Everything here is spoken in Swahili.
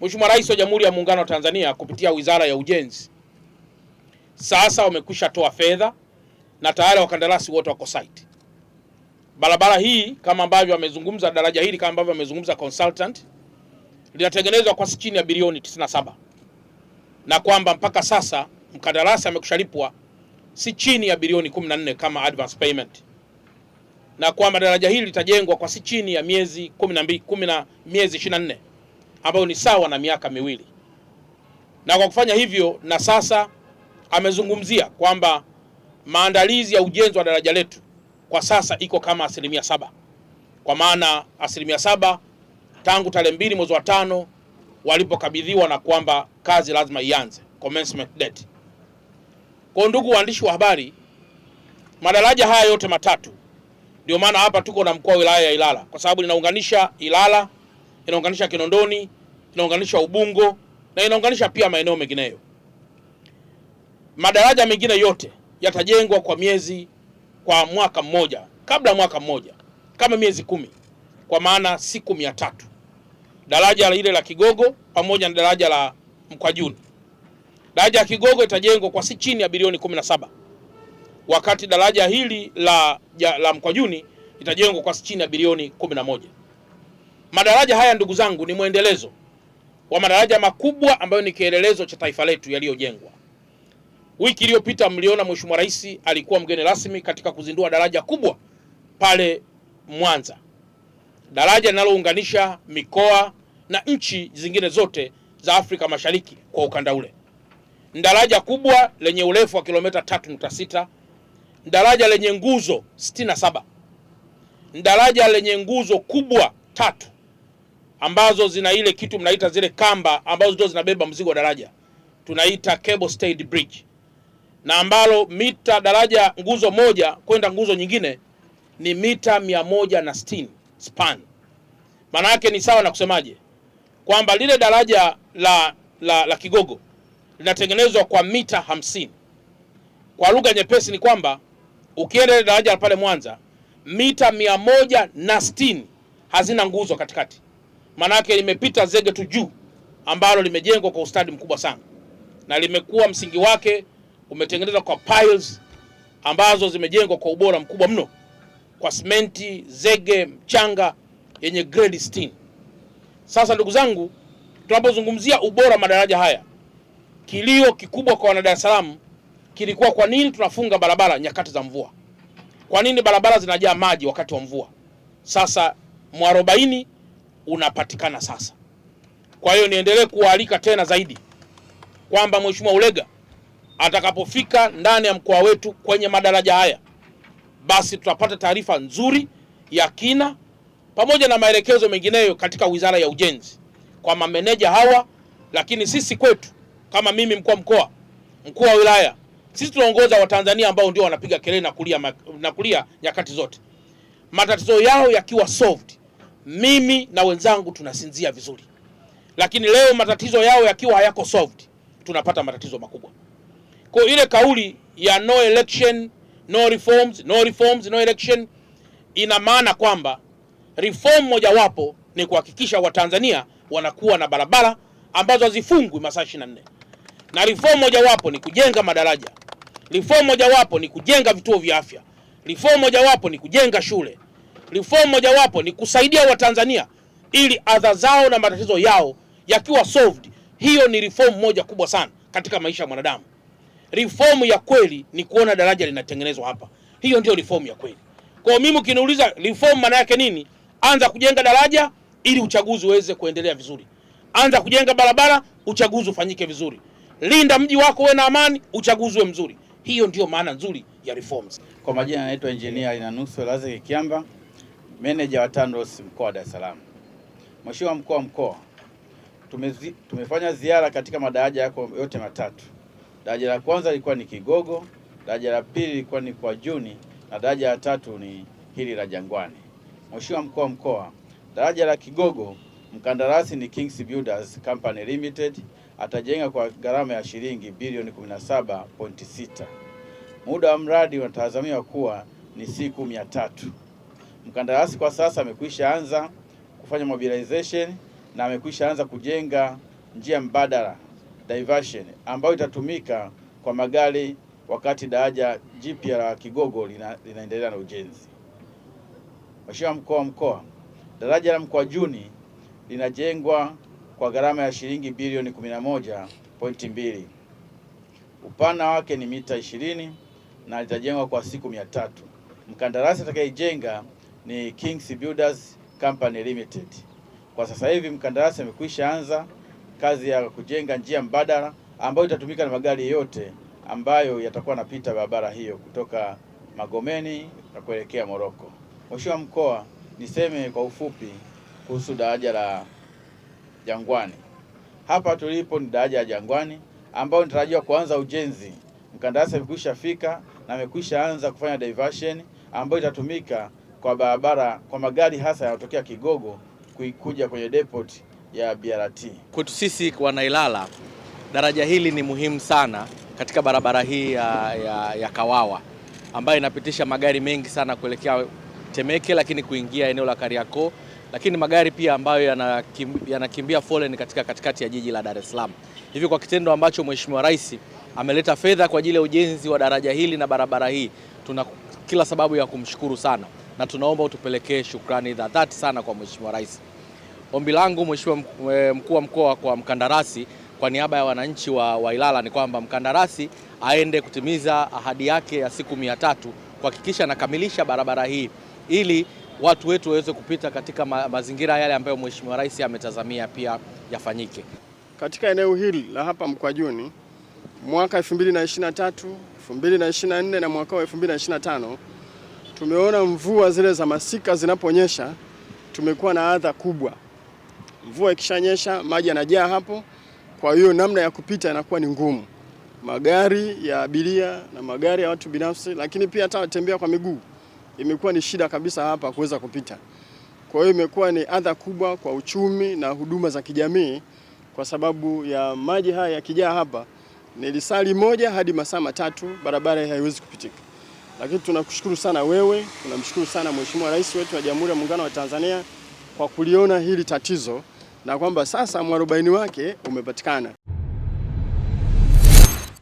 Mheshimiwa Rais wa Jamhuri ya Muungano wa Tanzania kupitia Wizara ya Ujenzi sasa wamekwisha toa fedha na tayari wakandarasi wote wako site. Barabara hii kama ambavyo amezungumza, daraja hili kama ambavyo amezungumza consultant, linatengenezwa kwa chini ya bilioni 97 na kwamba mpaka sasa mkandarasi amekushalipwa si chini ya bilioni 14 kama advance payment na kwamba daraja hili litajengwa kwa si chini ya miezi 12 na miezi 24 ambayo ni sawa na miaka miwili. Na kwa kufanya hivyo, na sasa amezungumzia kwamba maandalizi ya ujenzi wa daraja letu kwa sasa iko kama asilimia saba, kwa maana asilimia saba tangu tarehe mbili mwezi wa tano walipokabidhiwa na kwamba kazi lazima ianze commencement date. Kwa ndugu waandishi wa habari, madaraja haya yote matatu, ndio maana hapa tuko na mkoa wa wilaya ya Ilala kwa sababu linaunganisha Ilala inaunganisha Kinondoni, inaunganisha Ubungo na inaunganisha pia maeneo mengineyo. Madaraja mengine yote yatajengwa kwa miezi kwa mwaka mmoja, kabla mwaka mmoja kama miezi kumi, kwa maana siku mia tatu daraja ile la Kigogo pamoja na daraja la Mkwajuni. Daraja ya Kigogo itajengwa kwa si chini ya bilioni saba wakati daraja hili la, la Mkwajuni itajengwa kwa si chini ya bilioni moja. Madaraja haya ndugu zangu, ni mwendelezo wa madaraja makubwa ambayo ni kielelezo cha taifa letu yaliyojengwa. Wiki iliyopita mliona Mheshimiwa Rais alikuwa mgeni rasmi katika kuzindua daraja kubwa pale Mwanza, daraja linalounganisha mikoa na nchi zingine zote za Afrika Mashariki kwa ukanda ule. Ni daraja kubwa lenye urefu wa kilomita 3.6, daraja lenye nguzo 67, daraja lenye nguzo kubwa tatu ambazo zina ile kitu mnaita zile kamba ambazo ndio zinabeba mzigo wa daraja, tunaita cable stayed bridge, na ambalo mita daraja nguzo moja kwenda nguzo nyingine ni mita mia moja na sitini span. Maana yake ni sawa na kusemaje kwamba lile daraja la, la, la Kigogo linatengenezwa kwa mita hamsini. Kwa lugha nyepesi ni kwamba ukienda ile daraja pale Mwanza mita mia moja na sitini hazina nguzo katikati manake limepita zege tu juu, ambalo limejengwa kwa ustadi mkubwa sana na limekuwa msingi wake umetengenezwa kwa piles ambazo zimejengwa kwa ubora mkubwa mno kwa simenti, zege, mchanga yenye grade 60. Sasa ndugu zangu, tunapozungumzia ubora madaraja haya, kilio kikubwa kwa wana Dar es Salaam kilikuwa kwa nini tunafunga barabara nyakati za mvua? Kwa nini barabara zinajaa maji wakati wa mvua? Sasa mwarobaini unapatikana sasa. Kwa hiyo niendelee kuwaalika tena zaidi kwamba Mheshimiwa Ulega atakapofika ndani ya mkoa wetu kwenye madaraja haya, basi tutapata taarifa nzuri ya kina pamoja na maelekezo mengineyo katika Wizara ya Ujenzi kwa mameneja hawa. Lakini sisi kwetu kama mimi mkuu wa mkoa, mkuu wa wilaya, sisi tunaongoza Watanzania ambao ndio wanapiga kelele na kulia, na kulia nyakati zote matatizo yao yakiwa solved mimi na wenzangu tunasinzia vizuri, lakini leo matatizo yao yakiwa hayako solved, tunapata matatizo makubwa. Kwa ile kauli ya no election no reforms, no reforms no election ina maana kwamba reform mojawapo ni kuhakikisha Watanzania wanakuwa na barabara ambazo hazifungwi masaa 24 na reform mojawapo ni kujenga madaraja, reform mojawapo ni kujenga vituo vya afya, reform mojawapo ni kujenga shule Reform mojawapo ni kusaidia Watanzania ili adha zao na matatizo yao yakiwa solved. Hiyo ni reform moja kubwa sana katika maisha ya mwanadamu. Reform ya kweli ni kuona daraja linatengenezwa hapa, hiyo ndio reform ya kweli. Kwa mimi ukiniuliza reform maana yake nini, anza kujenga daraja ili uchaguzi uweze kuendelea vizuri, anza kujenga barabara, uchaguzi ufanyike vizuri, linda mji wako uwe na amani, uchaguzi uwe mzuri. Hiyo ndio maana nzuri ya reforms. Kwa majina anaitwa Engineer Inanuso Lazarus Kiamba. Meneja wa TANROADS mkoa wa Dar es Salaam. Mheshimiwa mkuu wa mkoa, tumezi, tumefanya ziara katika madaraja yako yote matatu. Daraja la kwanza lilikuwa ni Kigogo, daraja la pili lilikuwa ni kwa Juni na daraja la tatu ni hili la Jangwani. Mheshimiwa mkuu wa mkoa, daraja la Kigogo mkandarasi ni Kings Builders Company Limited atajenga kwa gharama ya shilingi bilioni 17.6. Muda wa mradi unatazamiwa kuwa ni siku mia tatu. Mkandarasi kwa sasa amekwisha anza kufanya mobilization na amekwisha anza kujenga njia mbadala diversion ambayo itatumika kwa magari wakati daraja jipya la Kigogo lina, linaendelea na ujenzi. Mheshimiwa mkuu wa mkoa, daraja la Mkwajuni linajengwa kwa gharama ya shilingi bilioni 11.2, upana wake ni mita 20 na litajengwa kwa siku mia tatu. Mkandarasi atakayejenga ni Kings Builders Company Limited. Kwa sasa hivi mkandarasi amekwisha anza kazi ya kujenga njia mbadala ambayo itatumika na magari yote ambayo yatakuwa napita barabara hiyo kutoka Magomeni na kuelekea Moroko. Mheshimiwa mkoa, niseme kwa ufupi kuhusu daraja la Jangwani. Hapa tulipo ni daraja la Jangwani ambayo inatarajiwa kuanza ujenzi. Mkandarasi amekwisha fika na amekwisha anza kufanya diversion ambayo itatumika kwa barabara kwa magari hasa yanayotokea Kigogo kuikuja kwenye depot ya BRT. Kwetu sisi wanailala, daraja hili ni muhimu sana katika barabara hii ya, ya, ya Kawawa ambayo inapitisha magari mengi sana kuelekea Temeke, lakini kuingia eneo la Kariakoo, lakini magari pia ambayo yanakimbia yana foleni katika katikati ya jiji la Dar es Salaam. Hivi kwa kitendo ambacho Mheshimiwa Rais ameleta fedha kwa ajili ya ujenzi wa daraja hili na barabara hii, tuna kila sababu ya kumshukuru sana na tunaomba utupelekee shukrani za dhati sana kwa Mheshimiwa Rais. Ombi langu Mheshimiwa eh, mkuu wa mkoa kwa mkandarasi kwa niaba ya wananchi wa, wa Ilala ni kwamba mkandarasi aende kutimiza ahadi yake ya siku mia tatu kuhakikisha anakamilisha barabara hii ili watu wetu waweze kupita katika ma mazingira yale ambayo Mheshimiwa Rais ametazamia ya pia yafanyike katika eneo hili la hapa Mkwajuni mwaka 2023, 2024 na mwaka wa 2025 Tumeona mvua zile za masika zinaponyesha, tumekuwa na adha kubwa. Mvua ikishanyesha maji yanajaa hapo, kwa hiyo namna ya kupita inakuwa ni ngumu, magari ya abiria na magari ya watu binafsi, lakini pia hata watembea kwa miguu imekuwa ni shida kabisa hapa kuweza kupita. Kwa hiyo imekuwa ni adha kubwa kwa uchumi na huduma za kijamii, kwa sababu ya maji haya yakijaa hapa ni lisali moja hadi masaa matatu barabara haiwezi kupitika. Lakini tunakushukuru sana wewe, tunamshukuru sana Mheshimiwa Rais wetu wa Jamhuri ya Muungano wa Tanzania kwa kuliona hili tatizo na kwamba sasa mwarobaini wake umepatikana.